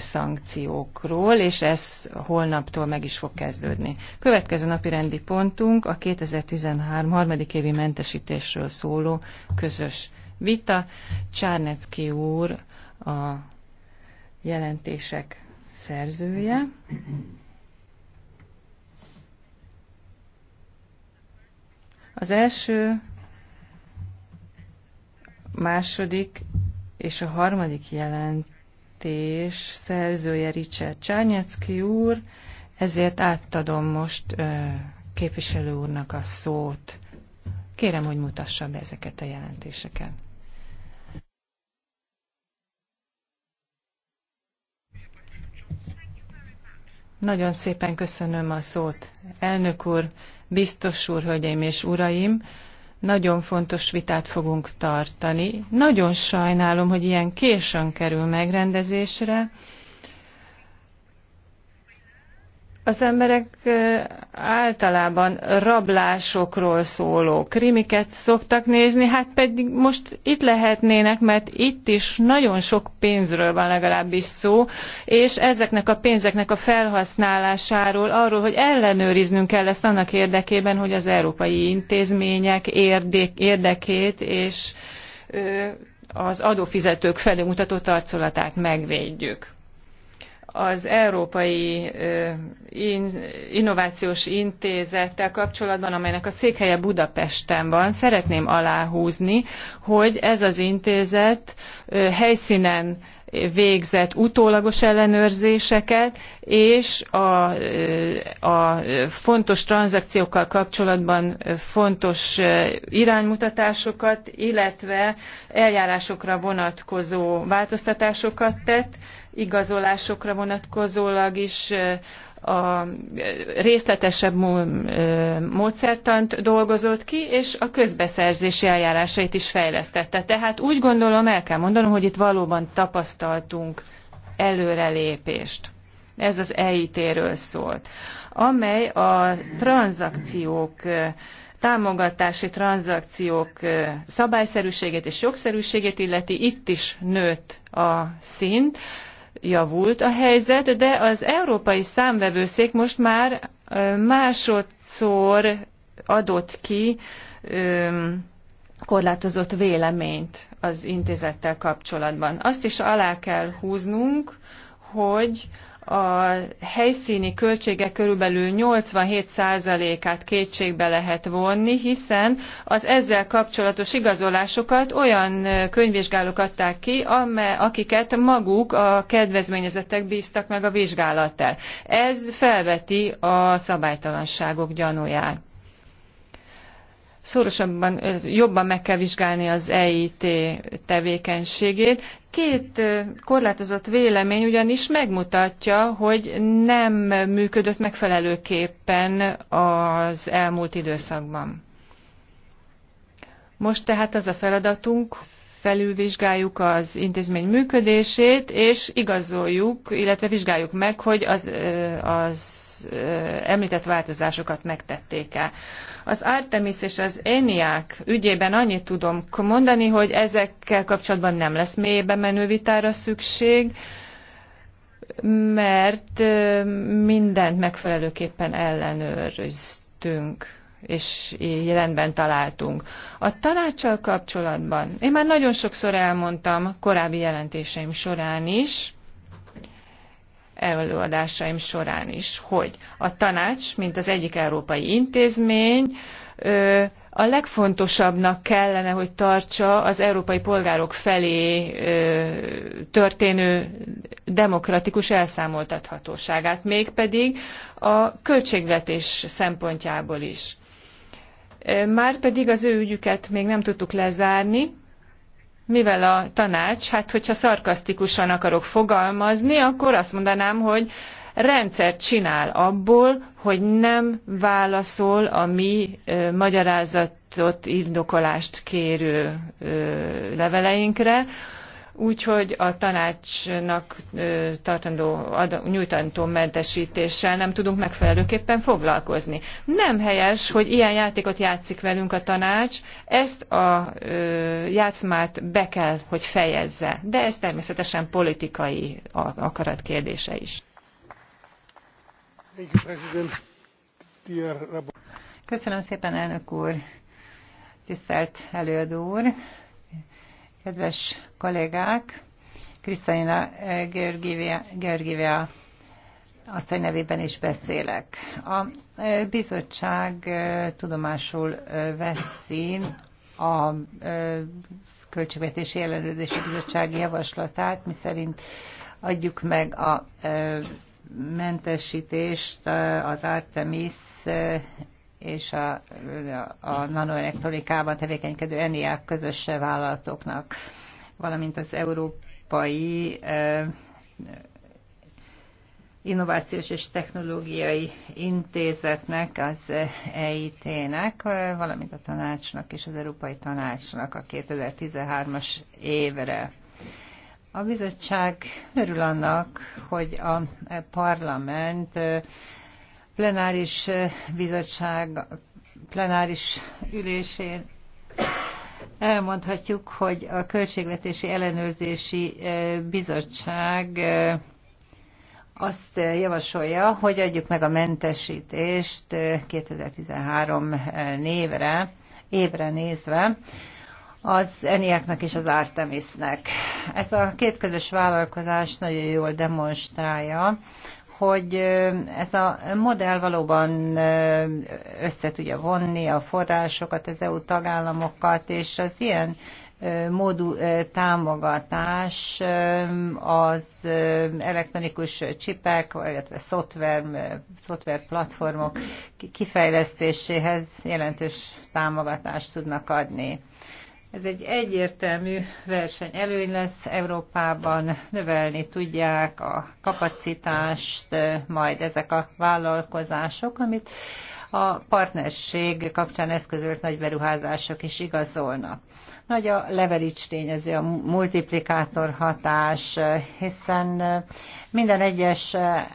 szankciókról, és ez holnaptól meg is fog kezdődni. Következő napi rendi pontunk a 2013. harmadik évi mentesítésről szóló közös vita. Csárnecki úr a jelentések szerzője. Az első, második és a harmadik jelent jelentés szerzője Richard Csárnyecki úr, ezért átadom most képviselő úrnak a szót. Kérem, hogy mutassa be ezeket a jelentéseket. Nagyon szépen köszönöm a szót. Elnök úr, biztos úr, hölgyeim és uraim, nagyon fontos vitát fogunk tartani. Nagyon sajnálom, hogy ilyen későn kerül megrendezésre, az emberek általában rablásokról szóló krimiket szoktak nézni, hát pedig most itt lehetnének, mert itt is nagyon sok pénzről van legalábbis szó, és ezeknek a pénzeknek a felhasználásáról, arról, hogy ellenőriznünk kell ezt annak érdekében, hogy az európai intézmények érdekét és az adófizetők felé mutatott arculatát megvédjük az Európai Innovációs Intézettel kapcsolatban, amelynek a székhelye Budapesten van, szeretném aláhúzni, hogy ez az intézet helyszínen végzett utólagos ellenőrzéseket, és a, a fontos tranzakciókkal kapcsolatban fontos iránymutatásokat, illetve eljárásokra vonatkozó változtatásokat tett, igazolásokra vonatkozólag is a részletesebb módszertant dolgozott ki, és a közbeszerzési eljárásait is fejlesztette. Tehát úgy gondolom, el kell mondanom, hogy itt valóban tapasztaltunk előrelépést. Ez az EIT-ről szólt, amely a tranzakciók támogatási tranzakciók szabályszerűségét és jogszerűségét illeti, itt is nőtt a szint javult a helyzet, de az európai számvevőszék most már másodszor adott ki korlátozott véleményt az intézettel kapcsolatban. Azt is alá kell húznunk, hogy a helyszíni költségek körülbelül 87%-át kétségbe lehet vonni, hiszen az ezzel kapcsolatos igazolásokat olyan könyvvizsgálók adták ki, akiket maguk a kedvezményezettek bíztak meg a vizsgálattal. Ez felveti a szabálytalanságok gyanúját szorosabban, jobban meg kell vizsgálni az EIT tevékenységét. Két korlátozott vélemény ugyanis megmutatja, hogy nem működött megfelelőképpen az elmúlt időszakban. Most tehát az a feladatunk, felülvizsgáljuk az intézmény működését, és igazoljuk, illetve vizsgáljuk meg, hogy az, az említett változásokat megtették-e. Az Artemis és az Eniák ügyében annyit tudom mondani, hogy ezekkel kapcsolatban nem lesz mélyebe menő vitára szükség, mert mindent megfelelőképpen ellenőriztünk és rendben találtunk. A tanácssal kapcsolatban, én már nagyon sokszor elmondtam korábbi jelentéseim során is, előadásaim során is, hogy a tanács, mint az egyik európai intézmény, a legfontosabbnak kellene, hogy tartsa az európai polgárok felé történő demokratikus elszámoltathatóságát, mégpedig a költségvetés szempontjából is már pedig az ő ügyüket még nem tudtuk lezárni, mivel a tanács, hát hogyha szarkasztikusan akarok fogalmazni, akkor azt mondanám, hogy rendszert csinál abból, hogy nem válaszol a mi ö, magyarázatot, indokolást kérő ö, leveleinkre, Úgyhogy a tanácsnak tartandó, ad, nyújtandó mentesítéssel nem tudunk megfelelőképpen foglalkozni. Nem helyes, hogy ilyen játékot játszik velünk a tanács, ezt a ö, játszmát be kell, hogy fejezze. De ez természetesen politikai akarat kérdése is. Köszönöm szépen, elnök úr! Tisztelt előadó úr! Kedves kollégák, Krisztina eh, azt asszony nevében is beszélek. A eh, bizottság eh, tudomásul veszi a Költségvetési Ellenőrzési Bizottsági javaslatát, miszerint adjuk meg a mentesítést az Artemis és a, a nanoelektronikában tevékenykedő ENIAC közös vállalatoknak, valamint az európai Innovációs és Technológiai Intézetnek, az EIT-nek, valamint a tanácsnak és az Európai Tanácsnak a 2013-as évre. A bizottság örül annak, hogy a parlament plenáris bizottság plenáris ülésén elmondhatjuk, hogy a Költségvetési Ellenőrzési Bizottság azt javasolja, hogy adjuk meg a mentesítést 2013 névre, évre nézve, az Eniáknak és az Artemisnek. Ez a két közös vállalkozás nagyon jól demonstrálja, hogy ez a modell valóban össze tudja vonni a forrásokat, az EU tagállamokat, és az ilyen módú támogatás az elektronikus csipek, illetve szoftver, szoftver platformok kifejlesztéséhez jelentős támogatást tudnak adni. Ez egy egyértelmű verseny. Előny lesz Európában, növelni tudják a kapacitást majd ezek a vállalkozások, amit a partnerség kapcsán eszközölt nagy beruházások is igazolnak. Nagy a leverics tényező, a multiplikátor hatás, hiszen minden egyes e,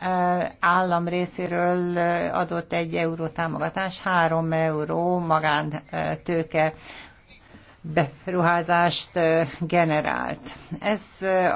e, állam részéről adott egy euró támogatás, három euró magántőke e, beruházást generált. Ez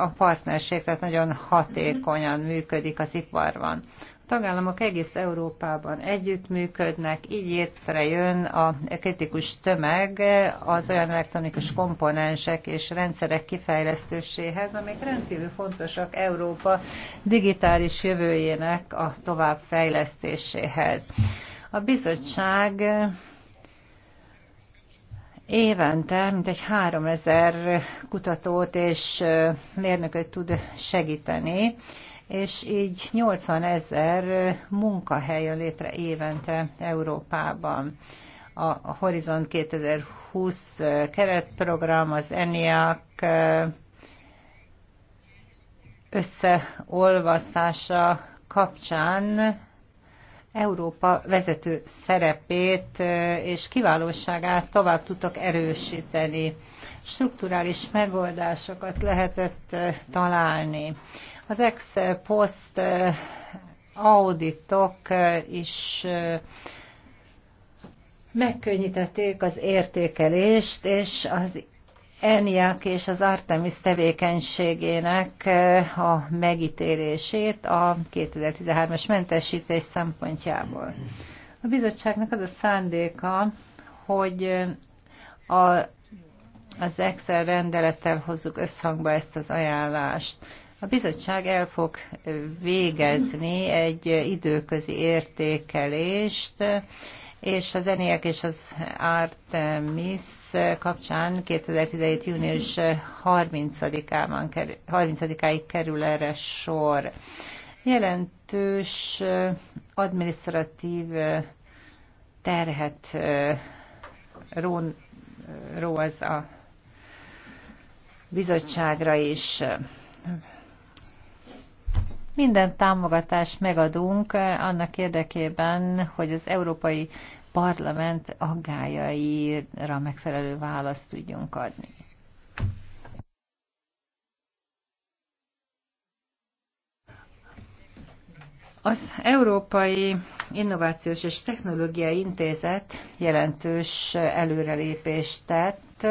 a partnerség tehát nagyon hatékonyan működik az iparban. A tagállamok egész Európában együttműködnek, így jön a kritikus tömeg az olyan elektronikus komponensek és rendszerek kifejlesztéséhez, amik rendkívül fontosak Európa digitális jövőjének a továbbfejlesztéséhez. A bizottság évente mintegy 3000 kutatót és mérnököt tud segíteni, és így 80 ezer munkahely jön létre évente Európában. A Horizon 2020 keretprogram, az ENIAC összeolvasztása kapcsán Európa vezető szerepét és kiválóságát tovább tudtak erősíteni. Strukturális megoldásokat lehetett találni. Az ex-post auditok is megkönnyítették az értékelést és az ENIAC és az Artemis tevékenységének eh, a megítélését a 2013-as mentesítés szempontjából. A bizottságnak az a szándéka, hogy eh, a, az Excel rendelettel hozzuk összhangba ezt az ajánlást. A bizottság el fog eh, végezni egy időközi értékelést, és az ENIAC és az Artemis kapcsán 2017. június 30-áig 30 kerül erre sor. Jelentős administratív terhet ró, ró az a bizottságra is minden támogatást megadunk annak érdekében, hogy az európai parlament aggájaira megfelelő választ tudjunk adni. Az Európai Innovációs és Technológiai Intézet jelentős előrelépést tett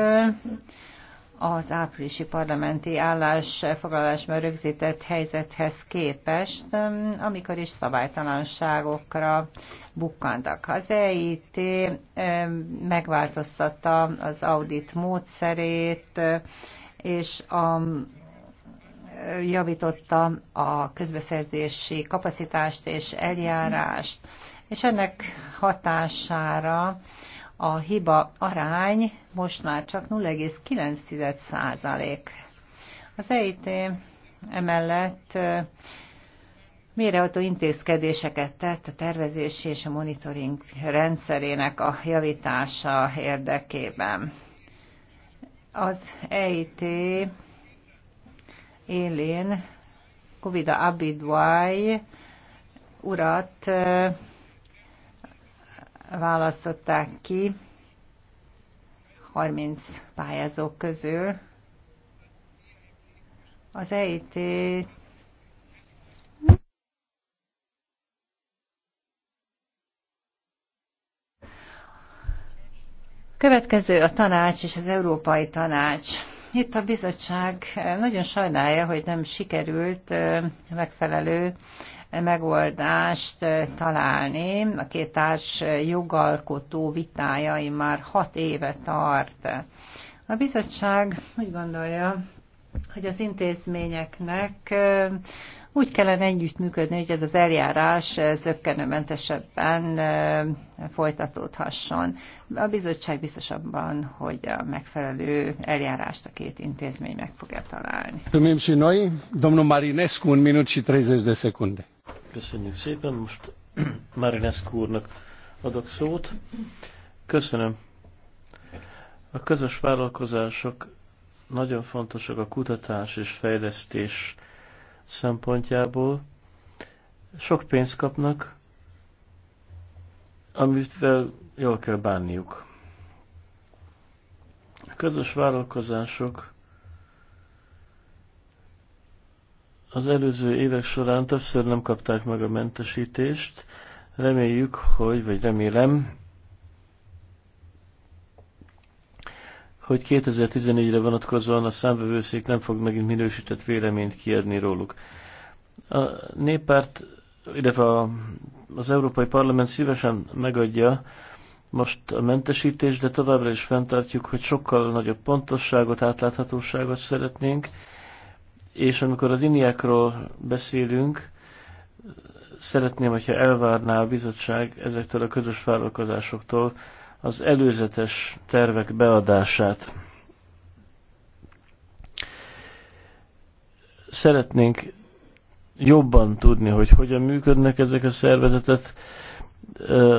az áprilisi parlamenti állásfoglalásban rögzített helyzethez képest, amikor is szabálytalanságokra bukkantak. Az EIT megváltoztatta az audit módszerét, és a javította a közbeszerzési kapacitást és eljárást, és ennek hatására a hiba arány most már csak 0,9 százalék. Az EIT emellett méreható intézkedéseket tett a tervezési és a monitoring rendszerének a javítása érdekében. Az EIT élén Covid Abidwai urat választották ki 30 pályázó közül. Az EIT Következő a tanács és az Európai Tanács. Itt a bizottság nagyon sajnálja, hogy nem sikerült megfelelő megoldást eh, találni. A két társ eh, jogalkotó vitájai már hat éve tart. A bizottság úgy gondolja, hogy az intézményeknek eh, úgy kellene együttműködni, hogy ez az eljárás zöggenőmentesebben folytatódhasson. A bizottság biztos abban, hogy a megfelelő eljárást a két intézmény meg fogja találni. Domnul Marinescu, un minut și 30 de secunde. Köszönjük szépen. Most Marinescu úrnak adok szót. Köszönöm. A közös vállalkozások nagyon fontosak a kutatás és fejlesztés szempontjából. Sok pénzt kapnak, amivel jól kell bánniuk. A közös vállalkozások Az előző évek során többször nem kapták meg a mentesítést. Reméljük, hogy, vagy remélem, hogy 2014-re vonatkozóan a számvevőszék nem fog megint minősített véleményt kiadni róluk. A néppárt, illetve a, az Európai Parlament szívesen megadja most a mentesítést, de továbbra is fenntartjuk, hogy sokkal nagyobb pontosságot, átláthatóságot szeretnénk, és amikor az iniákról beszélünk, szeretném, hogyha elvárná a bizottság ezektől a közös vállalkozásoktól az előzetes tervek beadását. Szeretnénk jobban tudni, hogy hogyan működnek ezek a szervezetet,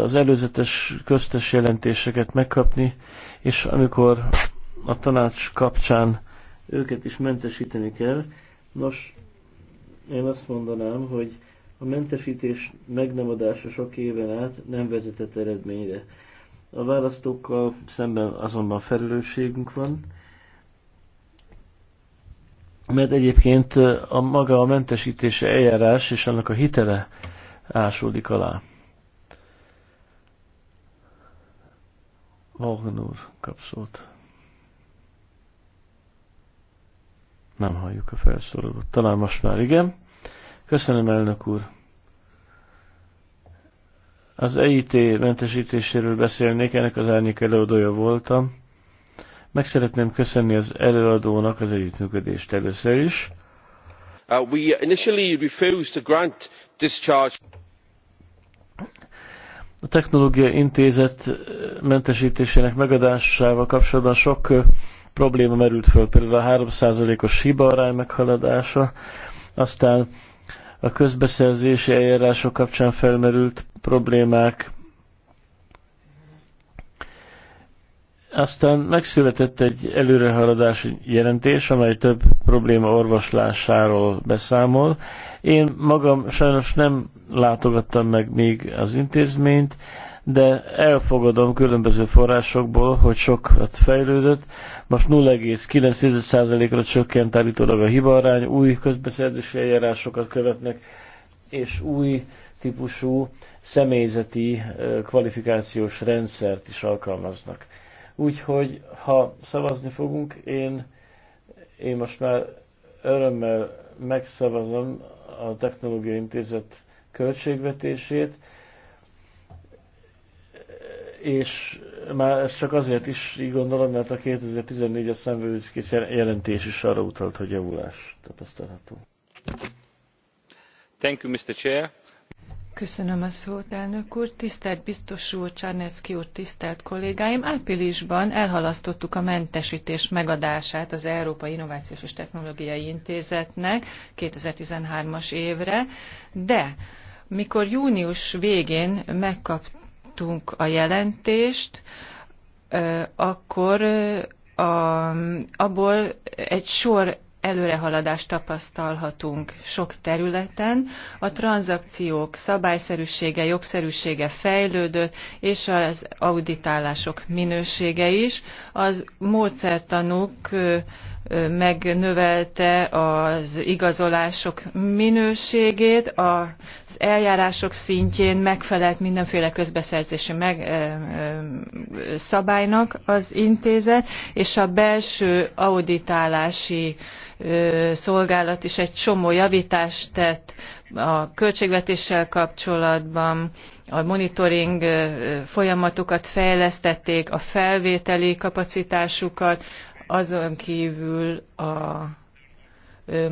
az előzetes köztes jelentéseket megkapni, és amikor a tanács kapcsán őket is mentesíteni kell. Nos, én azt mondanám, hogy a mentesítés meg nem adása sok éven át nem vezetett eredményre. A választókkal szemben azonban felelősségünk van, mert egyébként a maga a mentesítése eljárás és annak a hitele ásódik alá. Vagnur kap szót. Nem halljuk a felszólalót. Talán most már igen. Köszönöm, elnök úr. Az EIT mentesítéséről beszélnék, ennek az árnyék előadója voltam. Meg szeretném köszönni az előadónak az együttműködést először is. Uh, we initially refused to grant discharge. A Technológia Intézet mentesítésének megadásával kapcsolatban sok uh, probléma merült föl, például a 3%-os hibaarány meghaladása, aztán a közbeszerzési eljárások kapcsán felmerült problémák, Aztán megszületett egy előrehaladási jelentés, amely több probléma orvoslásáról beszámol. Én magam sajnos nem látogattam meg még az intézményt, de elfogadom különböző forrásokból, hogy sokat fejlődött. Most 0,9%-ra csökkent állítólag a hibarány, új közbeszerzési eljárásokat követnek, és új típusú személyzeti kvalifikációs rendszert is alkalmaznak. Úgyhogy, ha szavazni fogunk, én, én most már örömmel megszavazom a Technológiai Intézet költségvetését, és már ezt csak azért is így gondolom, mert a 2014-es szemvőzkész jelentés is arra utalt, hogy javulás tapasztalható. Thank you, Mr. Chair. Köszönöm a szót, elnök úr. Tisztelt biztos úr, Csarnecki úr, tisztelt kollégáim! Áprilisban elhalasztottuk a mentesítés megadását az Európai Innovációs és Technológiai Intézetnek 2013-as évre, de mikor június végén megkaptuk, elfogadtuk a jelentést, akkor a, abból egy sor előrehaladást tapasztalhatunk sok területen. A tranzakciók szabályszerűsége, jogszerűsége fejlődött, és az auditálások minősége is. Az módszertanuk megnövelte az igazolások minőségét, az eljárások szintjén megfelelt mindenféle közbeszerzési meg, szabálynak az intézet, és a belső auditálási szolgálat is egy csomó javítást tett a költségvetéssel kapcsolatban, a monitoring folyamatokat fejlesztették, a felvételi kapacitásukat, azon kívül a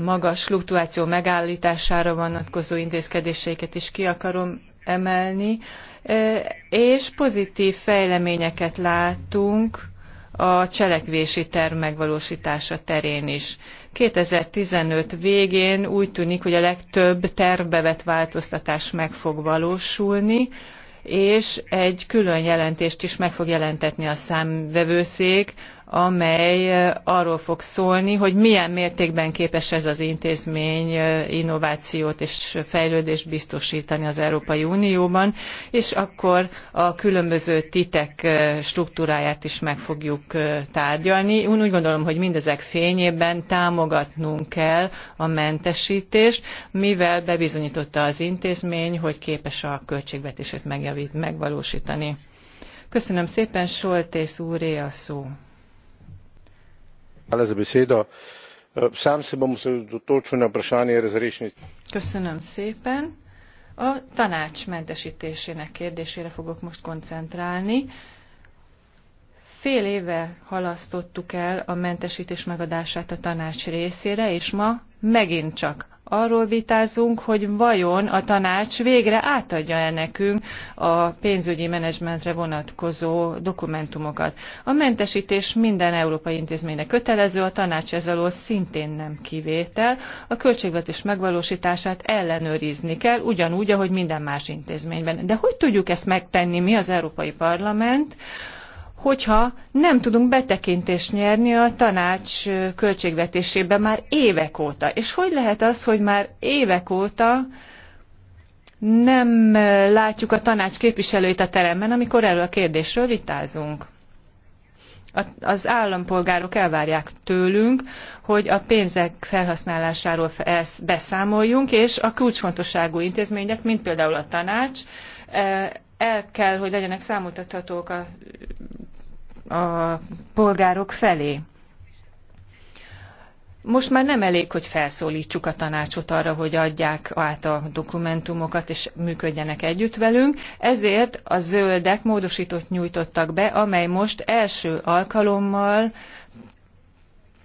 magas fluktuáció megállítására vonatkozó intézkedéseiket is ki akarom emelni, és pozitív fejleményeket látunk a cselekvési terv megvalósítása terén is. 2015 végén úgy tűnik, hogy a legtöbb tervbe vett változtatás meg fog valósulni, és egy külön jelentést is meg fog jelentetni a számvevőszék amely arról fog szólni, hogy milyen mértékben képes ez az intézmény innovációt és fejlődést biztosítani az Európai Unióban, és akkor a különböző titek struktúráját is meg fogjuk tárgyalni. Én úgy gondolom, hogy mindezek fényében támogatnunk kell a mentesítést, mivel bebizonyította az intézmény, hogy képes a költségvetését megjavít, megvalósítani. Köszönöm szépen, Soltész úré a szó. Eh, sam se bom osredotočil na vprašanje razrešnic. a tanács mentestésének kérdésére fogok most koncentrálni. Fél éve halasztottuk el a mentesítés megadását a tanács részére, és ma megint csak arról vitázunk, hogy vajon a tanács végre átadja el nekünk a pénzügyi menedzsmentre vonatkozó dokumentumokat. A mentesítés minden európai intézménynek kötelező, a tanács ez alól szintén nem kivétel. A költségvetés megvalósítását ellenőrizni kell, ugyanúgy, ahogy minden más intézményben. De hogy tudjuk ezt megtenni mi az Európai Parlament, hogyha nem tudunk betekintést nyerni a tanács költségvetésébe már évek óta. És hogy lehet az, hogy már évek óta nem látjuk a tanács képviselőit a teremben, amikor erről a kérdésről vitázunk? az állampolgárok elvárják tőlünk, hogy a pénzek felhasználásáról beszámoljunk, és a kulcsfontosságú intézmények, mint például a tanács, el kell, hogy legyenek számoltathatók a a polgárok felé. Most már nem elég, hogy felszólítsuk a tanácsot arra, hogy adják át a dokumentumokat és működjenek együtt velünk, ezért a zöldek módosítót nyújtottak be, amely most első alkalommal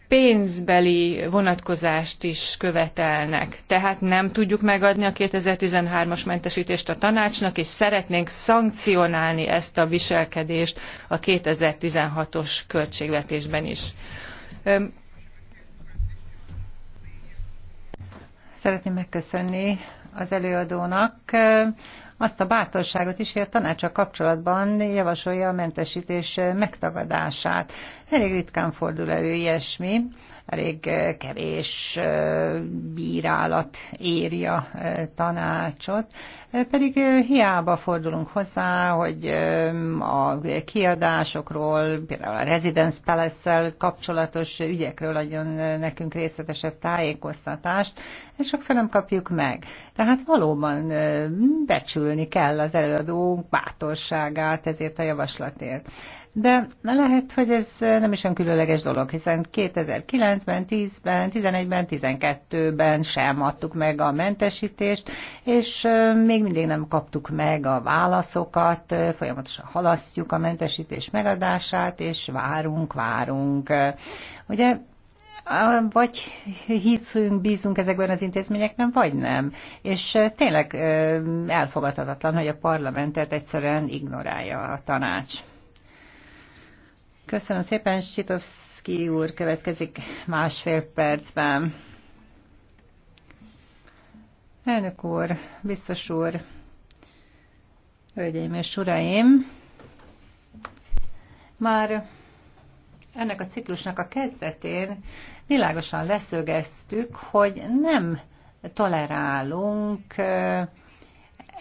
pénzbeli vonatkozást is követelnek. Tehát nem tudjuk megadni a 2013-as mentesítést a tanácsnak, és szeretnénk szankcionálni ezt a viselkedést a 2016-os költségvetésben is. Szeretném megköszönni az előadónak azt a bátorságot is, hogy a tanácsa kapcsolatban javasolja a mentesítés megtagadását. Elég ritkán fordul elő ilyesmi, elég eh, kevés eh, bírálat éri a eh, tanácsot, pedig hiába fordulunk hozzá, hogy a kiadásokról, például a Residence palace kapcsolatos ügyekről adjon nekünk részletesebb tájékoztatást, és sokszor nem kapjuk meg. Tehát valóban becsül becsülni kell az előadó bátorságát ezért a javaslatért. De lehet, hogy ez nem is olyan különleges dolog, hiszen 2009-ben, 10-ben, 11-ben, 12-ben sem adtuk meg a mentesítést, és még mindig nem kaptuk meg a válaszokat, folyamatosan halasztjuk a mentesítés megadását, és várunk, várunk. Ugye vagy hiszünk, bízunk ezekben az intézményekben, vagy nem. És tényleg elfogadhatatlan, hogy a parlamentet egyszerűen ignorálja a tanács. Köszönöm szépen, Sitovszki úr következik másfél percben. Elnök úr, biztos úr, hölgyeim és uraim, már ennek a ciklusnak a kezdetén világosan leszögeztük, hogy nem tolerálunk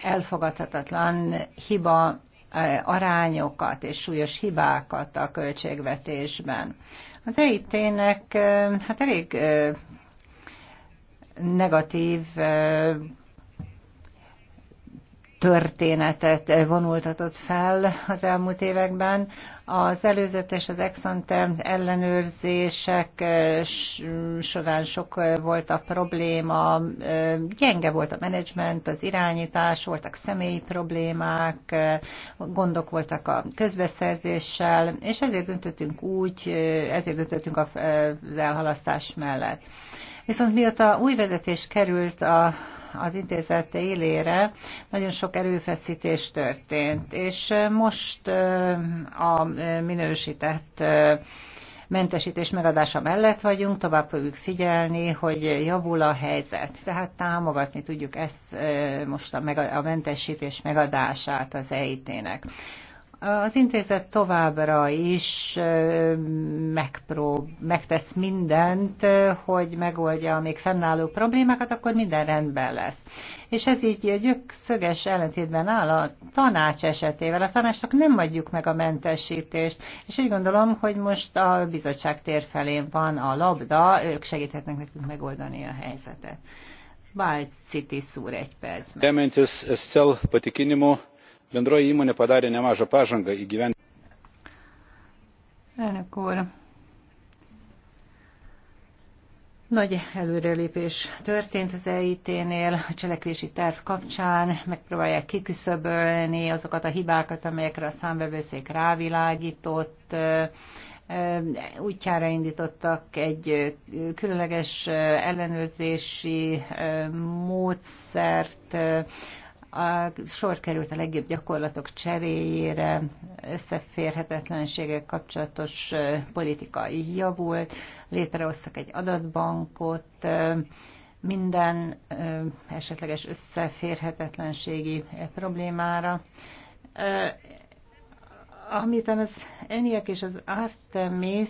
elfogadhatatlan hiba arányokat és súlyos hibákat a költségvetésben. Az EIT-nek hát elég negatív történetet vonultatott fel az elmúlt években. Az előzetes, az exante ellenőrzések eh, során sok eh, volt a probléma, eh, gyenge volt a menedzsment, az irányítás, voltak személyi problémák, gondok voltak a közbeszerzéssel, és ezért döntöttünk úgy, ezért döntöttünk az elhalasztás mellett. Viszont mióta új vezetés került a az intézet élére nagyon sok erőfeszítés történt, és most a minősített mentesítés megadása mellett vagyunk, tovább fogjuk figyelni, hogy javul a helyzet. Tehát támogatni tudjuk ezt most a, mentesítés megadását az EIT-nek. Az intézet továbbra is megprób, megtesz mindent, hogy megoldja a még fennálló problémákat, akkor minden rendben lesz. És ez így gyökszöges ellentétben áll a tanács esetével. A tanácsnak nem adjuk meg a mentesítést, és úgy gondolom, hogy most a bizottság tér felén van a labda, ők segíthetnek nekünk megoldani a helyzetet. Bálcitis úr egy percben bendroji įmonė padarė nemažą pažangą įgyvendinant. Elnök úr, nagy előrelépés történt az EIT-nél, a cselekvési terv kapcsán megpróbálják kiküszöbölni azokat a hibákat, amelyekre a számbevőszék rávilágított, útjára indítottak egy különleges ellenőrzési módszert, a, sor került a legjobb gyakorlatok cseréjére, összeférhetetlenségek kapcsolatos politikai javult, létrehoztak egy adatbankot, minden esetleges összeférhetetlenségi problémára. Amit az Eniek és az Artemis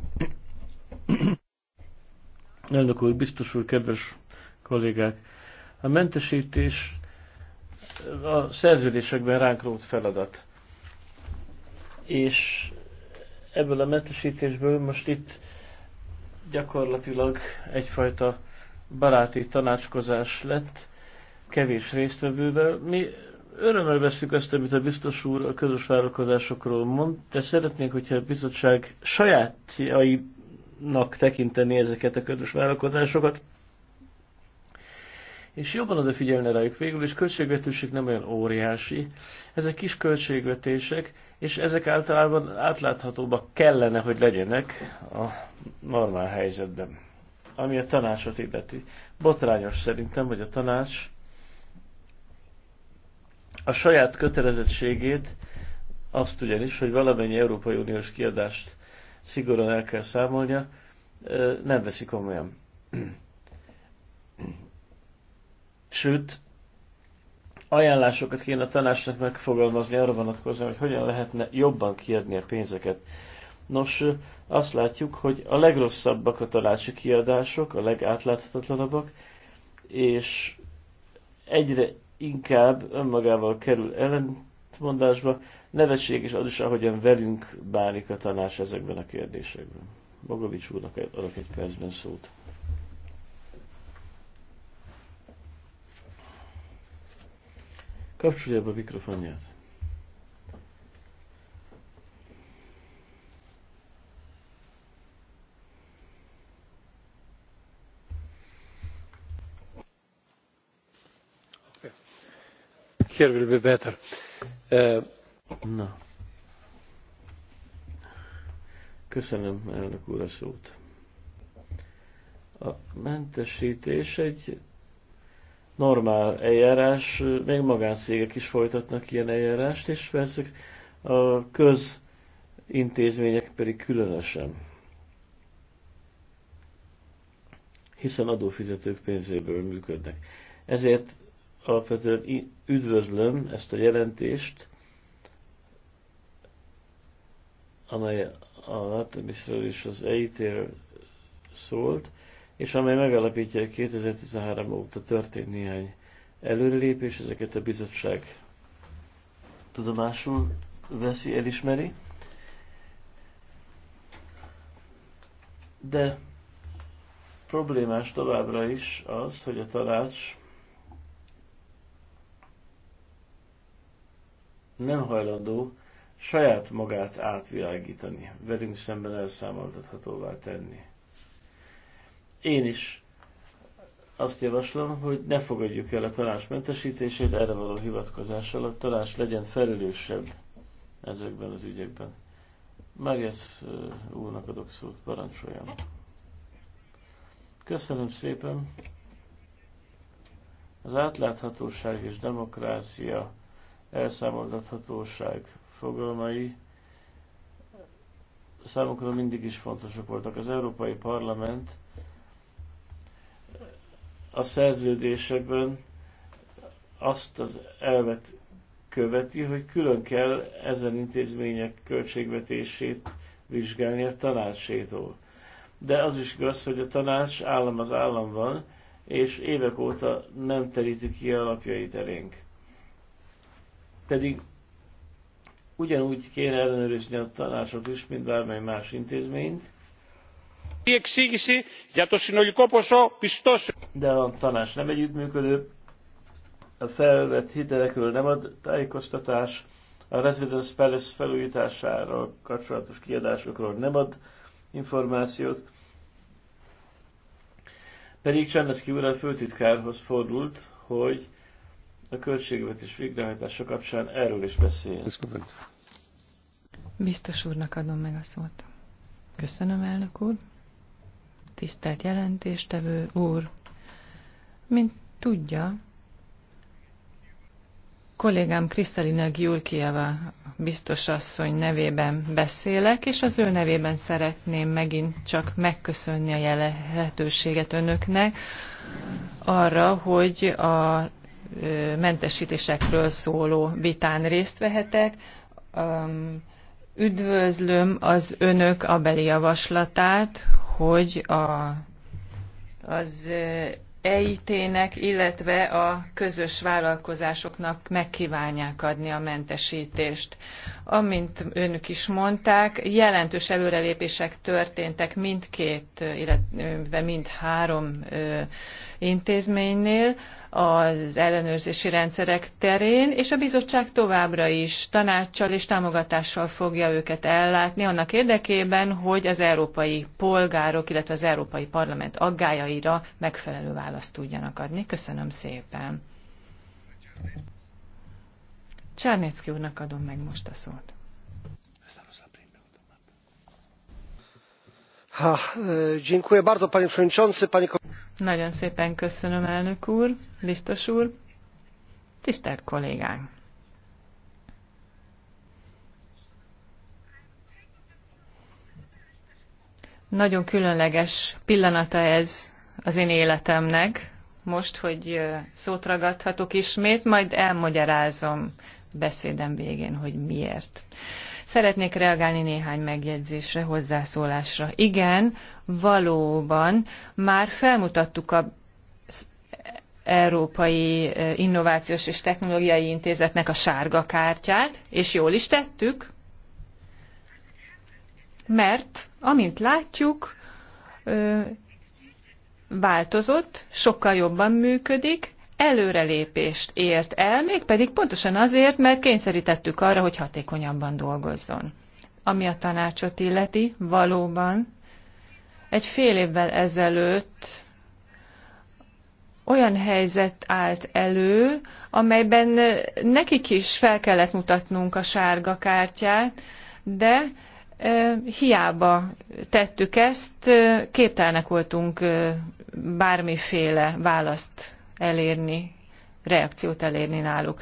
Elnök úr, biztos úr, kedves kollégák! A mentesítés a szerződésekben ránk rót feladat. És ebből a mentesítésből most itt gyakorlatilag egyfajta baráti tanácskozás lett kevés résztvevővel. Mi örömmel veszük azt, amit a biztos úr a közös vállalkozásokról mond, de szeretnénk, hogyha a bizottság sajátjai nak tekinteni ezeket a közös vállalkozásokat, és jobban odafigyelne rájuk végül, és költségvetőség nem olyan óriási. Ezek kis költségvetések, és ezek általában átláthatóbbak kellene, hogy legyenek a normál helyzetben. Ami a tanácsot illeti. Botrányos szerintem, hogy a tanács a saját kötelezettségét azt ugyanis, hogy valamennyi Európai Uniós kiadást szigorúan el kell számolnia, nem veszi komolyan. Sőt, ajánlásokat kéne a tanácsnak megfogalmazni arra vonatkozóan, hogy hogyan lehetne jobban kiadni a pénzeket. Nos, azt látjuk, hogy a legrosszabbak a tanácsi kiadások, a legátláthatatlanabbak, és egyre inkább önmagával kerül ellentmondásba, is az is, ahogyan velünk bánik a tanács ezekben a kérdésekben. Bogovics úrnak adok egy percben szót. Kapcsolja be a mikrofonját. Here will be better. Uh, Na. Köszönöm, elnök úr, a szót. A mentesítés egy normál eljárás, még magáncégek is folytatnak ilyen eljárást, és persze a közintézmények pedig különösen. Hiszen adófizetők pénzéből működnek. Ezért alapvetően üdvözlöm ezt a jelentést, amely a Artemisről és az EIT-ről szólt, és amely megalapítja, hogy 2013 óta történt néhány előrelépés, ezeket a bizottság tudomásul veszi, elismeri. De problémás továbbra is az, hogy a tanács nem hajlandó saját magát átvilágítani, velünk szemben elszámoltathatóvá tenni. Én is azt javaslom, hogy ne fogadjuk el a tanács mentesítését, erre való hivatkozással a tanács legyen felelősebb ezekben az ügyekben. ezt úrnak adok szót, parancsoljam. Köszönöm szépen. Az átláthatóság és demokrácia, elszámoltathatóság fogalmai számukra mindig is fontosak voltak. Az Európai Parlament a szerződésekben azt az elvet követi, hogy külön kell ezen intézmények költségvetését vizsgálni a tanácsétól. De az is igaz, hogy a tanács állam az állam van, és évek óta nem teríti ki alapjait elénk. Pedig ugyanúgy kéne ellenőrizni a tanácsot is, mint bármely más intézményt. De a tanács nem együttműködő, a felvett hitelekről nem ad tájékoztatás, a Residence Palace felújításáról kapcsolatos kiadásokról nem ad információt. Pedig Csendeszki úr a főtitkárhoz fordult, hogy a költségvetés végrehajtása kapcsán erről is beszéljen. Biztos úrnak adom meg a szót. Köszönöm, elnök úr. Tisztelt jelentéstevő úr. Mint tudja, kollégám Kristalina Gyulkieva biztos asszony nevében beszélek, és az ő nevében szeretném megint csak megköszönni a lehetőséget önöknek arra, hogy a mentesítésekről szóló vitán részt vehetek. Üdvözlöm az önök abeli javaslatát, hogy a, az eh, EIT-nek, illetve a közös vállalkozásoknak megkívánják adni a mentesítést. Amint önök is mondták, jelentős előrelépések történtek mindkét, eh, illetve mindhárom eh, intézménynél az ellenőrzési rendszerek terén, és a bizottság továbbra is tanácssal és támogatással fogja őket ellátni annak érdekében, hogy az európai polgárok, illetve az Európai Parlament aggájaira megfelelő választ tudjanak adni. Köszönöm szépen. Csárnecki úrnak adom meg most a szót. Ha, e, dziękuję bardzo, panie przewodniczący, panie nagyon szépen köszönöm, elnök úr, biztos úr, tisztelt kollégánk! Nagyon különleges pillanata ez az én életemnek, most, hogy szót ragadhatok ismét, majd elmagyarázom beszédem végén, hogy miért. Szeretnék reagálni néhány megjegyzésre, hozzászólásra. Igen, valóban már felmutattuk a Európai eh, Innovációs és Technológiai Intézetnek a sárga kártyát, és jól is tettük, mert amint látjuk, eh, változott, sokkal jobban működik, előrelépést ért el, mégpedig pontosan azért, mert kényszerítettük arra, hogy hatékonyabban dolgozzon. Ami a tanácsot illeti, valóban egy fél évvel ezelőtt olyan helyzet állt elő, amelyben nekik is fel kellett mutatnunk a sárga kártyát, de hiába tettük ezt, képtelenek voltunk bármiféle választ elérni, reakciót elérni náluk.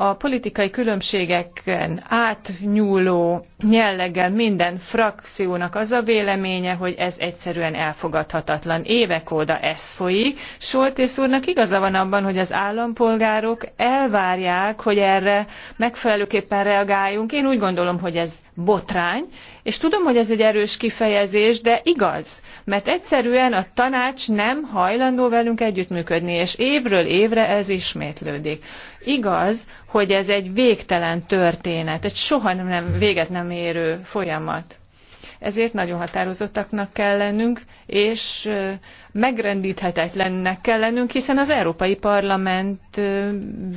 A politikai különbségeken átnyúló jelleggel minden frakciónak az a véleménye, hogy ez egyszerűen elfogadhatatlan. Évek óta ez folyik. Soltész úrnak igaza van abban, hogy az állampolgárok elvárják, hogy erre megfelelőképpen reagáljunk. Én úgy gondolom, hogy ez botrány, és tudom, hogy ez egy erős kifejezés, de igaz, mert egyszerűen a tanács nem hajlandó velünk együttműködni, és évről évre ez ismétlődik. Igaz, hogy ez egy végtelen történet, egy soha nem véget nem érő folyamat. Ezért nagyon határozottaknak kell lennünk, és megrendíthetetlennek kell lennünk, hiszen az Európai Parlament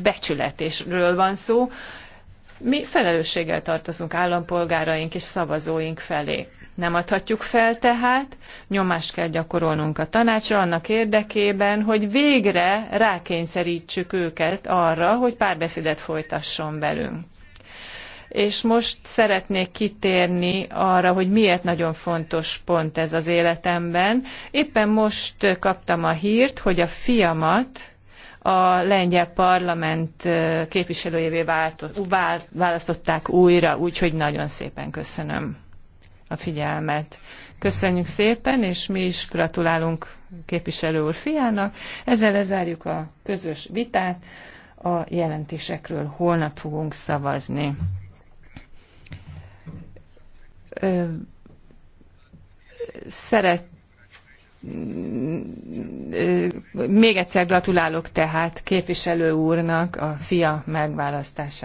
becsületésről van szó, mi felelősséggel tartozunk állampolgáraink és szavazóink felé. Nem adhatjuk fel tehát, nyomást kell gyakorolnunk a tanácsra annak érdekében, hogy végre rákényszerítsük őket arra, hogy párbeszédet folytasson velünk. És most szeretnék kitérni arra, hogy miért nagyon fontos pont ez az életemben. Éppen most kaptam a hírt, hogy a fiamat a lengyel parlament képviselőjévé választották újra, úgyhogy nagyon szépen köszönöm a figyelmet. Köszönjük szépen, és mi is gratulálunk képviselő úr fiának. Ezzel lezárjuk a közös vitát. A jelentésekről holnap fogunk szavazni. Szeret még egyszer gratulálok tehát képviselő úrnak a fia megválasztásához.